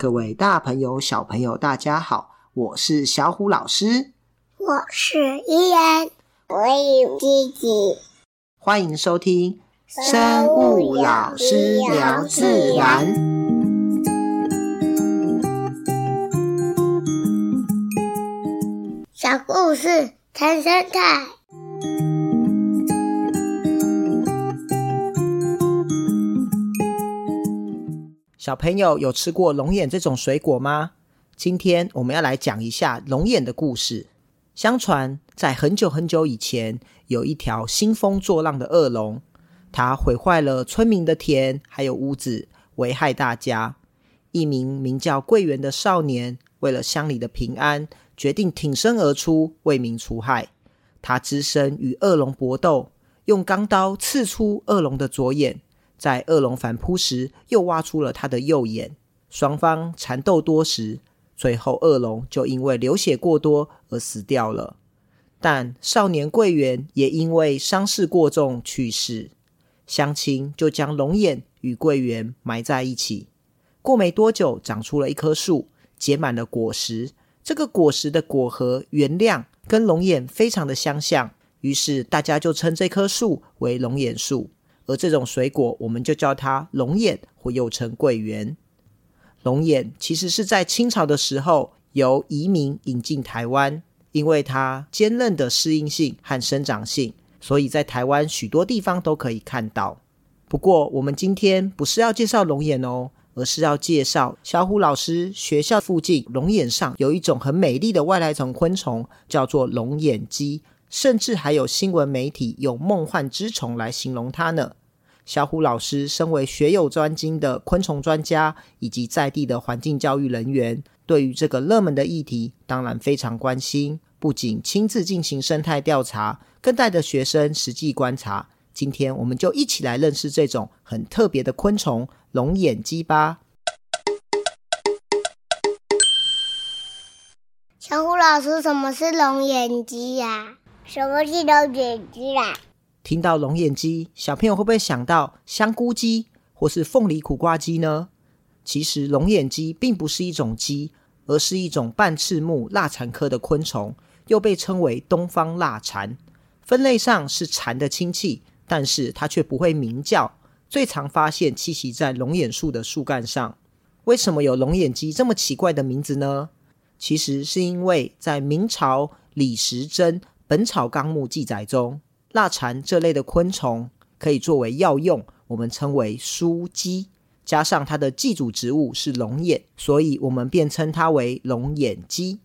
各位大朋友、小朋友，大家好，我是小虎老師，我是依然，我也有吉吉，歡迎收聽《生物老師聊自然》小故事談生態。小朋友有吃過龍眼這種水果嗎？今天我們要來講一下龍眼的故事。相傳在很久很久以前，有一條興風作浪的惡龍，它毀壞了村民的田，還有屋子，危害大家。一名名叫桂圓的少年，為了鄉里的平安，決定挺身而出，為民除害。他只身與惡龍搏鬥，用鋼刀刺出惡龍的左眼。在惡龍反撲時，又挖出了他的右眼。雙方纏鬥多時，最後惡龍就因為流血過多而死掉了。但少年桂圓也因為傷勢過重去世，鄉親就將龍眼與桂圓埋在一起。過沒多久，長出了一棵樹，結滿了果實。這個果實的果核圓亮，跟龍眼非常的相像，於是大家就稱這棵樹為龍眼樹。而這種水果我們就叫它龍眼，或又稱桂圓。龍眼其實是在清朝的時候由移民引進台灣，因為它堅韌的適應性和生長性，所以在台灣許多地方都可以看到。不過，我們今天不是要介紹龍眼哦，而是要介紹小虎老師學校附近龍眼上有一種很美麗的外來種昆蟲，叫做龍眼雞，甚至還有新聞媒體用“夢幻之蟲”來形容它呢。小虎老師身為學有專精的昆蟲專家，以及在地的環境教育人員，對於這個熱門的議題當然非常關心。不僅親自進行生態調查，更帶着學生實際觀察。今天我們就一起來認識這種很特別的昆蟲——龍眼雞吧。小虎老師，什麼是龍眼雞呀？什麼是龍眼雞呀？聽到龍眼雞，小朋友會不會想到香菇雞或是鳳梨苦瓜雞呢？其實龍眼雞並不是一種雞，而是一種半翅目蠟蟬科的昆蟲，又被稱為東方蠟蟬。分類上是蟬的親戚，但是它卻不會鳴叫，最常發現棲息在龍眼樹的樹幹上。為什麼有龍眼雞這麼奇怪的名字呢？其實是因為在明朝李時珍《本草綱目》記載中。蠟蟬這類的昆蟲可以作為藥用，我們稱為樗雞。加上它的寄主植物是龍眼，所以我們便稱它為龍眼雞。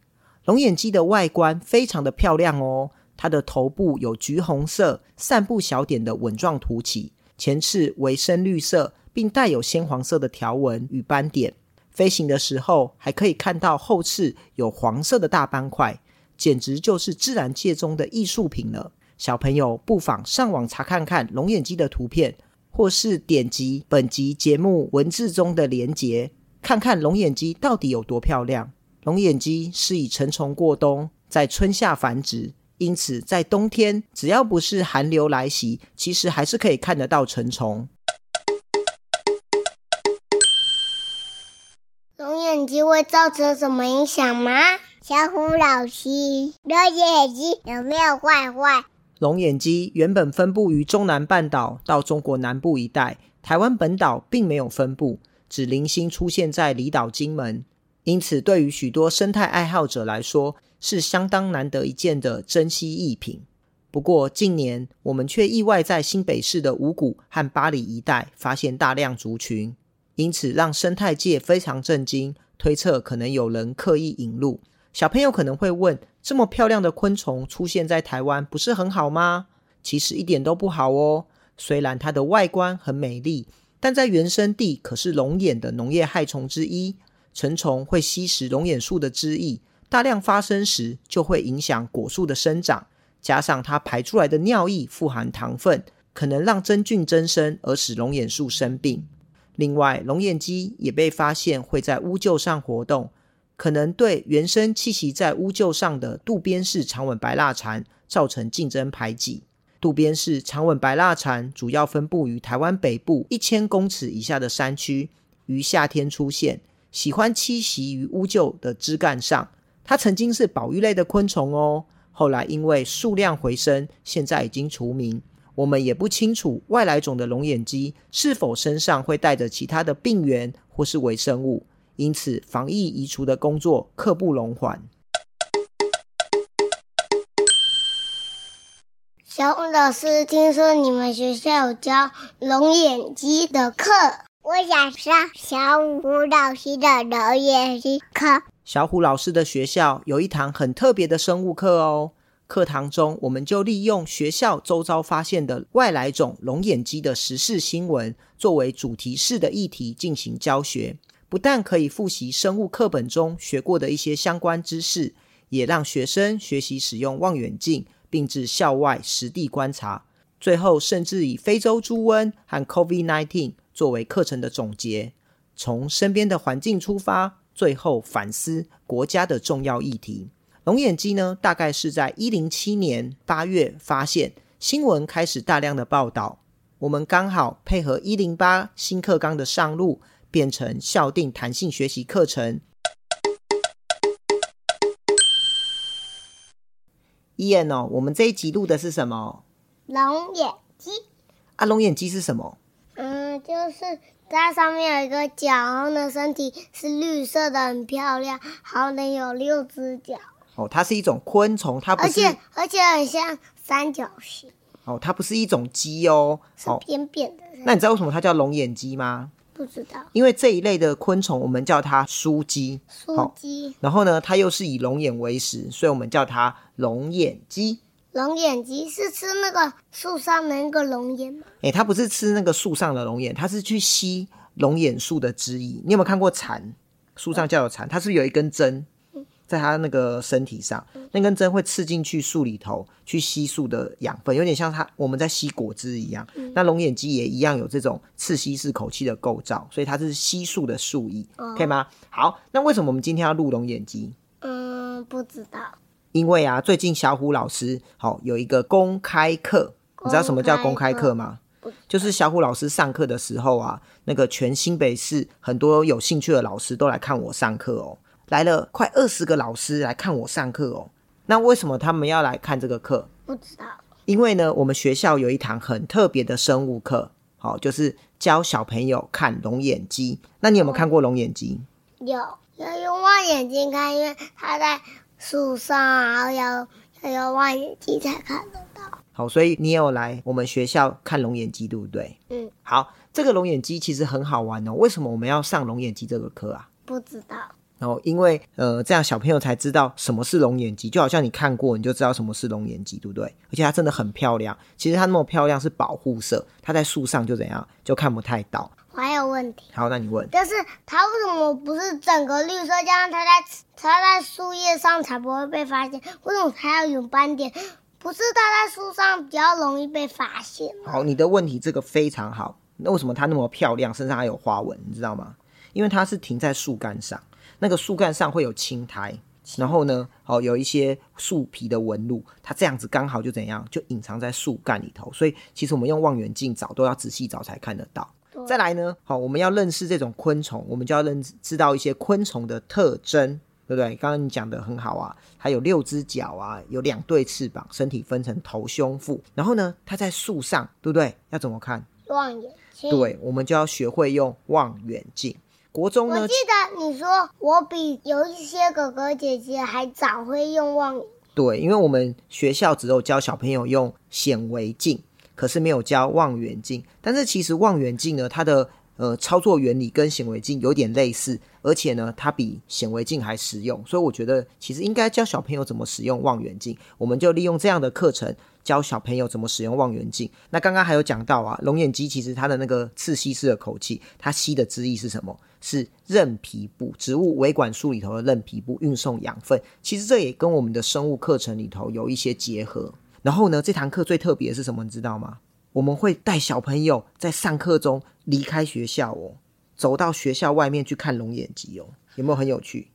龍眼雞的外觀非常的漂亮哦，它的頭部有橘紅色散布小點的吻狀突起，前翅為深綠色，並帶有鮮黃色的條紋與斑點。飛行的時候，還可以看到後翅有黃色的大斑塊，簡直就是自然界中的藝術品了。小朋友不妨上網查看看龍眼雞的圖片，或是點擊本集節目文字中的鏈接，看看龍眼雞到底有多漂亮。龍眼雞是以成蟲過冬，在春夏繁殖，因此在冬天只要不是寒流來襲，其實還是可以看得到成蟲。龍眼雞會造成什麼影響嗎？小虎老師，龍眼雞有沒有壞壞？龍眼雞原本分布於中南半島到中國南部一帶，台灣本島並沒有分布，只零星出現在離島金門，因此對於許多生態愛好者來說是相當難得一見的珍稀異品。不過近年我們卻意外在新北市的五股和八裡一帶發現大量族群，因此讓生態界非常震驚，推測可能有人刻意引入。小朋友可能會問。這麼漂亮的昆蟲出現在台灣，不是很好嗎？其實一點都不好哦。雖然它的外觀很美麗，但在原生地可是龍眼的農業害蟲之一。成蟲會吸食龍眼樹的汁液，大量發生時就會影響果樹的生長。加上它排出來的尿液富含糖分，可能讓真菌增生而使龍眼樹生病。另外，龍眼雞也被發現會在烏桕上活動。可能對原生棲息在烏桕上的渡邊氏長吻白蠟蟬造成競爭排擠。渡邊氏長吻白蠟蟬主要分布於台灣北部一千公尺以下的山區，於夏天出現，喜歡棲息於烏桕的枝幹上。它曾經是保育類的昆蟲哦，後來因為數量回升，現在已經除名。我們也不清楚外來種的龍眼雞是否身上會帶着其他的病原或是微生物。因此，防疫移除的工作刻不容緩。小虎老師，聽說你們學校有教龍眼雞的課，我想上小虎老師的龍眼雞課。小虎老師的學校有一堂很特別的生物課哦。課堂中，我們就利用學校周遭發現的外來種龍眼雞的時事新聞，作為主題式的議題進行教學。不但可以複習生物課本中學過的一些相關知識，也讓學生學習使用望遠鏡，並至校外實地觀察。最後，甚至以非洲豬瘟和 COVID-19 作為課程的總結，從身邊的環境出發，最後反思國家的重要議題。龍眼雞呢，大概是在一零七年八月發現，新聞開始大量的報導。我們剛好配合一零八新課綱的上路。變成校訂彈性學習課程。一燕哦，我們這一集錄的是什麼？龍眼雞。啊，龍眼雞是什麼？嗯，就是它上面有一個角，然後呢，身體是綠色的，很漂亮，然後呢，有六隻腳。哦，它是一種昆蟲，它不是。而且而且很像三角形。哦，它不是一種雞哦，哦，是扁扁的。那你知道為什麼它叫龍眼雞嗎？不知道，因為這一類的昆蟲，我們叫它樗雞。樗雞。哦，然後呢，它又是以龍眼為食，所以我們叫它龍眼雞。龍眼雞是吃那個樹上的那個龍眼嗎？哎，它不是吃那個樹上的龍眼，它是去吸龍眼樹的汁液。你有沒有看過蟬？樹上叫的蟬，它是不是有一根針？在它那個身體上，那根針會刺進去樹裡頭去吸樹的養分，有點像它我們在吸果汁一樣，嗯。那龍眼雞也一樣有這種刺吸式口器的構造，所以它是吸樹的樹液。哦，可以嗎？好，那為什麼我們今天要錄龍眼雞？嗯，不知道。因為啊，最近小虎老師好有一個公開課，你知道什麼叫公開課嗎？課就是小虎老師上課的時候啊，那個全新北市很多有興趣的老師都來看我上課哦。來了快二十個老師來看我上課哦。那為什麼他們要來看這個課？不知道。因為呢，我們學校有一堂很特別的生物課，好、哦，就是教小朋友看龍眼雞。那你有沒有看過龍眼雞？哦、有，要用望遠鏡看，因為它在樹上，然後要要用望遠鏡才看得到。好、哦，所以你有來我們學校看龍眼雞，對不對？嗯。好，這個龍眼雞其實很好玩哦。為什麼我們要上龍眼雞這個課啊？不知道。哦，因為呃，這樣小朋友才知道什麼是龍眼雞，就好像你看過，你就知道什麼是龍眼雞，對不對？而且它真的很漂亮。其實它那麼漂亮是保護色，它在樹上就怎樣就看不太到。我還有問題，好，那你問。但是它為什麼不是整個綠色，這樣它在它在樹葉上才不會被發現？為什麼它要有斑點？不是它在樹上比較容易被發現。好，你的問題這個非常好。那為什麼它那麼漂亮，身上還有花紋？你知道嗎？因為它是停在樹幹上。那個樹幹上會有青苔，然後呢，哦，有一些樹皮的紋路，它這樣子剛好就怎樣，就隱藏在樹幹裡頭。所以其實我們用望遠鏡找都要仔細找才看得到。再來呢，好、哦，我們要認識這種昆蟲，我們就要認知道一些昆蟲的特徵，對不對？剛剛你講的很好啊，還有六只腳啊，有兩對翅膀，身體分成頭、胸、腹。然後呢，它在樹上，對不對？要怎麼看？望遠鏡。對，我們就要學會用望遠鏡。我記得你說我比有一些哥哥姐姐還早會用望遠鏡。對，因為我們學校只有教小朋友用顯微鏡，可是沒有教望遠鏡。但是其實望遠鏡呢，它的呃操作原理跟顯微鏡有點類似，而且呢，它比顯微鏡還實用。所以我覺得其實應該教小朋友怎麼使用望遠鏡。我們就利用這樣的課程。教小朋友怎麼使用望遠鏡。那剛剛還有講到啊，龍眼雞其實它的那個刺吸式的口氣，它吸的汁液是什麼？是韌皮部。植物維管束裡頭的韌皮部運送養分。其實這也跟我們的生物課程裡頭有一些結合。然後呢，這堂課最特別的是什麼？你知道嗎？我們會帶小朋友在上課中離開學校哦，走到學校外面去看龍眼雞哦，有沒有很有趣？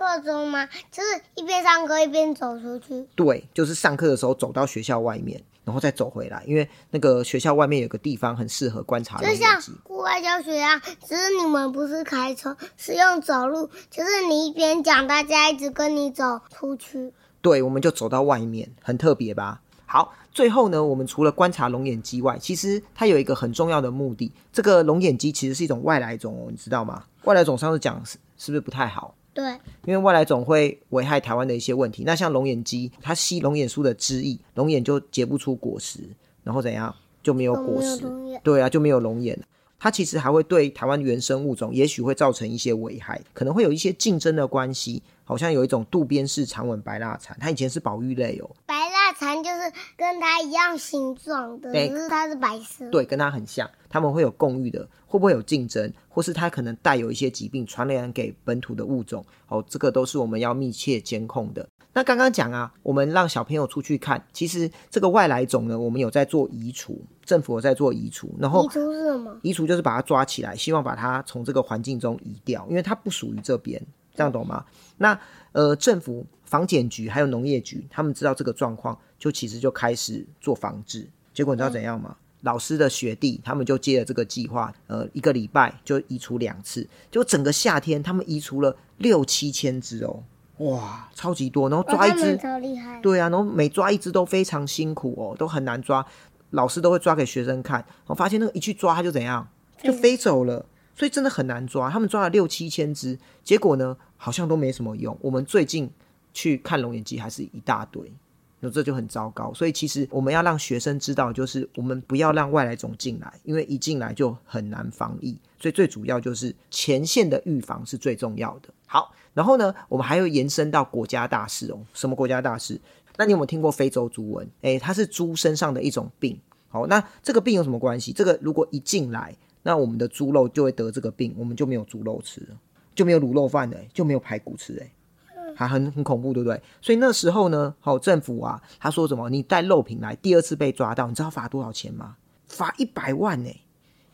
課中嗎？就是一邊上課一邊走出去。對，就是上課的時候走到學校外面，然後再走回來，因為那個學校外面有個地方很適合觀察龍眼雞。就像戶外教學啊，只是你們不是開車，是用走路。就是你一邊講，大家一直跟你走出去。對，我們就走到外面，很特別吧？好，最後呢，我們除了觀察龍眼雞外，其實它有一個很重要的目的。這個龍眼雞其實是一種外來種哦，你知道嗎？外來種上次講是是不是不太好？對，因為外來種會危害台灣的一些問題。那像龍眼雞，它吸龍眼樹的汁液，龍眼就結不出果實，然後怎樣，就沒有果實。對啊，就沒有龍眼。它其實還會對台灣原生物種，也許會造成一些危害，可能會有一些競爭的關係。好像有一種渡邊氏長吻白蠟蟬，它以前是保育類哦。白蠟蟬就是跟它一樣形狀的，只、欸、是它是白色。對，跟它很像，它們會有共育的，會不會有競爭？或是它可能帶有一些疾病，傳染給本土的物種？好、哦，這個都是我們要密切監控的。那剛剛講啊，我們讓小朋友出去看，其實這個外來種呢，我們有在做移除，政府有在做移除，然後移除是什麼？移除就是把它抓起來，希望把它從這個環境中移掉，因為它不屬於這邊，這樣懂嗎？那呃，政府防檢局還有農業局，他們知道這個狀況，就其實就開始做防治。結果你知道怎樣嗎？老師的學弟他們就接了這個計劃，呃，一個禮拜就移除兩次，就整個夏天他們移除了六七千隻哦。哇，超級多！然後抓一隻，超厲害。對啊，然後每抓一隻都非常辛苦哦，都很難抓。老師都會抓給學生看。我發現那個一去抓，它就怎樣，就飛走了。所以真的很難抓。他們抓了六七千隻，結果呢，好像都沒什麼用。我們最近去看龍眼雞，還是一大堆。那這就很糟糕。所以其實我們要讓學生知道，就是我們不要讓外來種進來，因為一進來就很難防疫。所以最主要就是前線的預防是最重要的。好，然後呢，我們還要延伸到國家大事哦。什麼國家大事？那你有沒有聽過非洲豬瘟？哎，它是豬身上的一種病。好、哦，那這個病有什麼關係？這個如果一進來，那我們的豬肉就會得這個病，我們就沒有豬肉吃了，就沒有滷肉飯誒，就沒有排骨吃哎，還、啊、很很恐怖，對不對？所以那時候呢，好、哦，政府啊，他說什麼？你帶肉品來，第二次被抓到，你知道罰多少錢嗎？罰一百萬誒！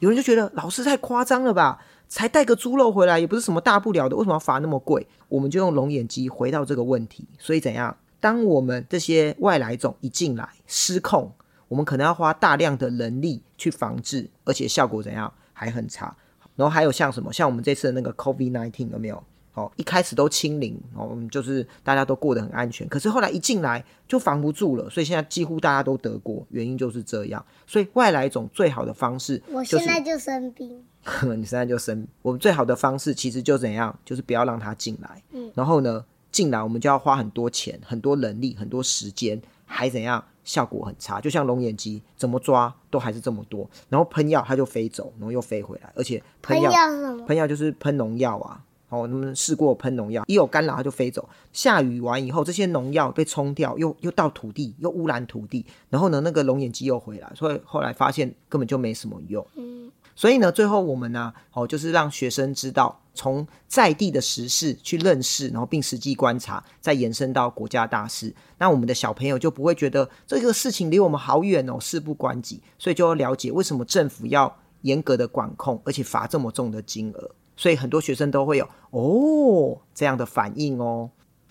有人就覺得老師太誇張了吧？才帶個豬肉回來也不是什麼大不了的，為什麼要罰那麼貴？我們就用龍眼雞回到這個問題。所以怎樣？當我們這些外來種一進來失控，我們可能要花大量的人力去防治，而且效果怎樣還很差。然後還有像什麼？像我們這次的那個 COVID-19 有沒有？哦，一開始都清零，哦，我們就是大家都過得很安全。可是後來一進來就防不住了，所以現在幾乎大家都得過，原因就是這樣。所以外來種最好的方式，就是，我現在就生病。呵，你現在就生病。我們最好的方式其實就怎樣，就是不要讓它進來，嗯。然後呢，進來我們就要花很多錢、很多人力、很多時間，還怎樣，效果很差。就像龍眼雞，怎麼抓都還是這麼多。然後噴藥，它就飛走，然後又飛回來，而且噴藥什麼？噴藥就是噴農藥啊。哦，我們試過噴農藥，一有干擾它就飛走。下雨完以後，這些農藥被沖掉，又又到土地，又汙染土地。然後呢，那個龍眼雞又回來，所以後來發現根本就沒什麼用。嗯，所以呢，最後我們呢，哦，就是讓學生知道從在地的時事去認識，然後並實際觀察，再延伸到國家大事。那我們的小朋友就不會覺得這個事情離我們好遠哦，事不關己。所以就要了解為什麼政府要嚴格的管控，而且罰這麼重的金額。所以很多學生都會有哦這樣的反應哦，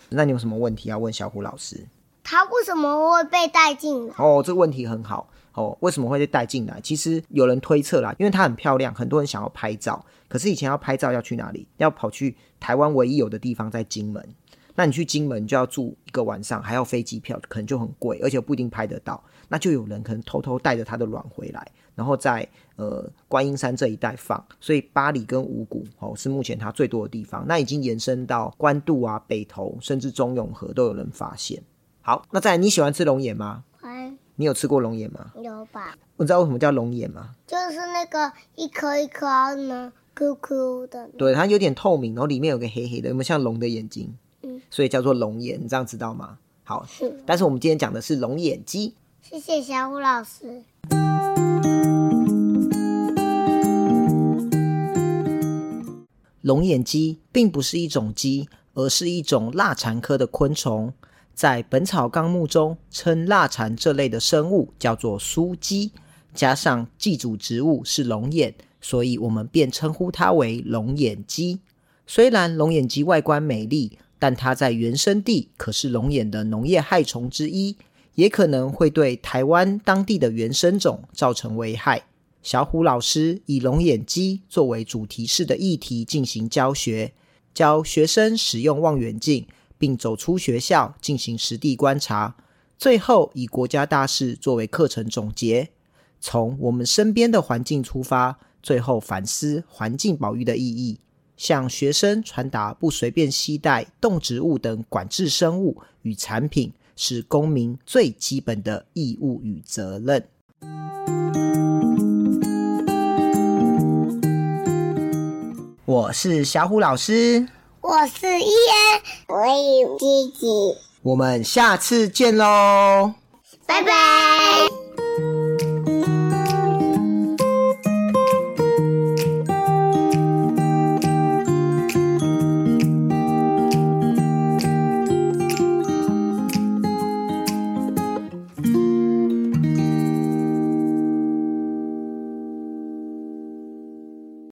那你有什麼問題要問小虎老師？他為什麼會被帶進來？哦，這個問題很好哦，為什麼會被帶進來？其實有人推測啦，因為它很漂亮，很多人想要拍照。可是以前要拍照要去哪裡？要跑去台灣唯一有的地方在金門。那你去金門就要住一個晚上，還要飛機票，可能就很貴，而且不一定拍得到。那就有人可能偷偷帶着他的卵回來。然後在呃觀音山這一帶放，所以八里跟五股哦是目前它最多的地方。那已經延伸到關渡啊、北投，甚至中永和都有人發現。好，那再來，你喜歡吃龍眼嗎？你有吃過龍眼嗎？有吧。你知道為什麼叫龍眼嗎？就是那個一顆一顆呢 QQ 的呢。對，它有點透明，然後裡面有個黑黑的，有沒有像龍的眼睛？嗯。所以叫做龍眼，你這樣知道嗎？好是。但是我們今天講的是龍眼雞。謝謝小虎老師。龍眼雞並不是一種雞，而是一種蠟蟬科的昆蟲。在《本草綱目》中，稱蠟蟬這類的生物叫做“樗雞”，加上寄主植物是龍眼，所以我們便稱呼它為龍眼雞。雖然龍眼雞外觀美麗，但它在原生地可是龍眼的農業害蟲之一，也可能會對台灣當地的原生種造成危害。小虎老師以龍眼雞作為主題式的議題進行教學，教學生使用望遠鏡，並走出學校進行實地觀察。最後以國家大事作為課程總結，從我們身邊的環境出發，最後反思環境保育的意義，向學生傳達不隨便攜帶動植物等管制生物與產品是公民最基本的義務與責任。嗯我是小虎老師，我是伊恩，我有吉吉，我們下次見嘍，拜拜。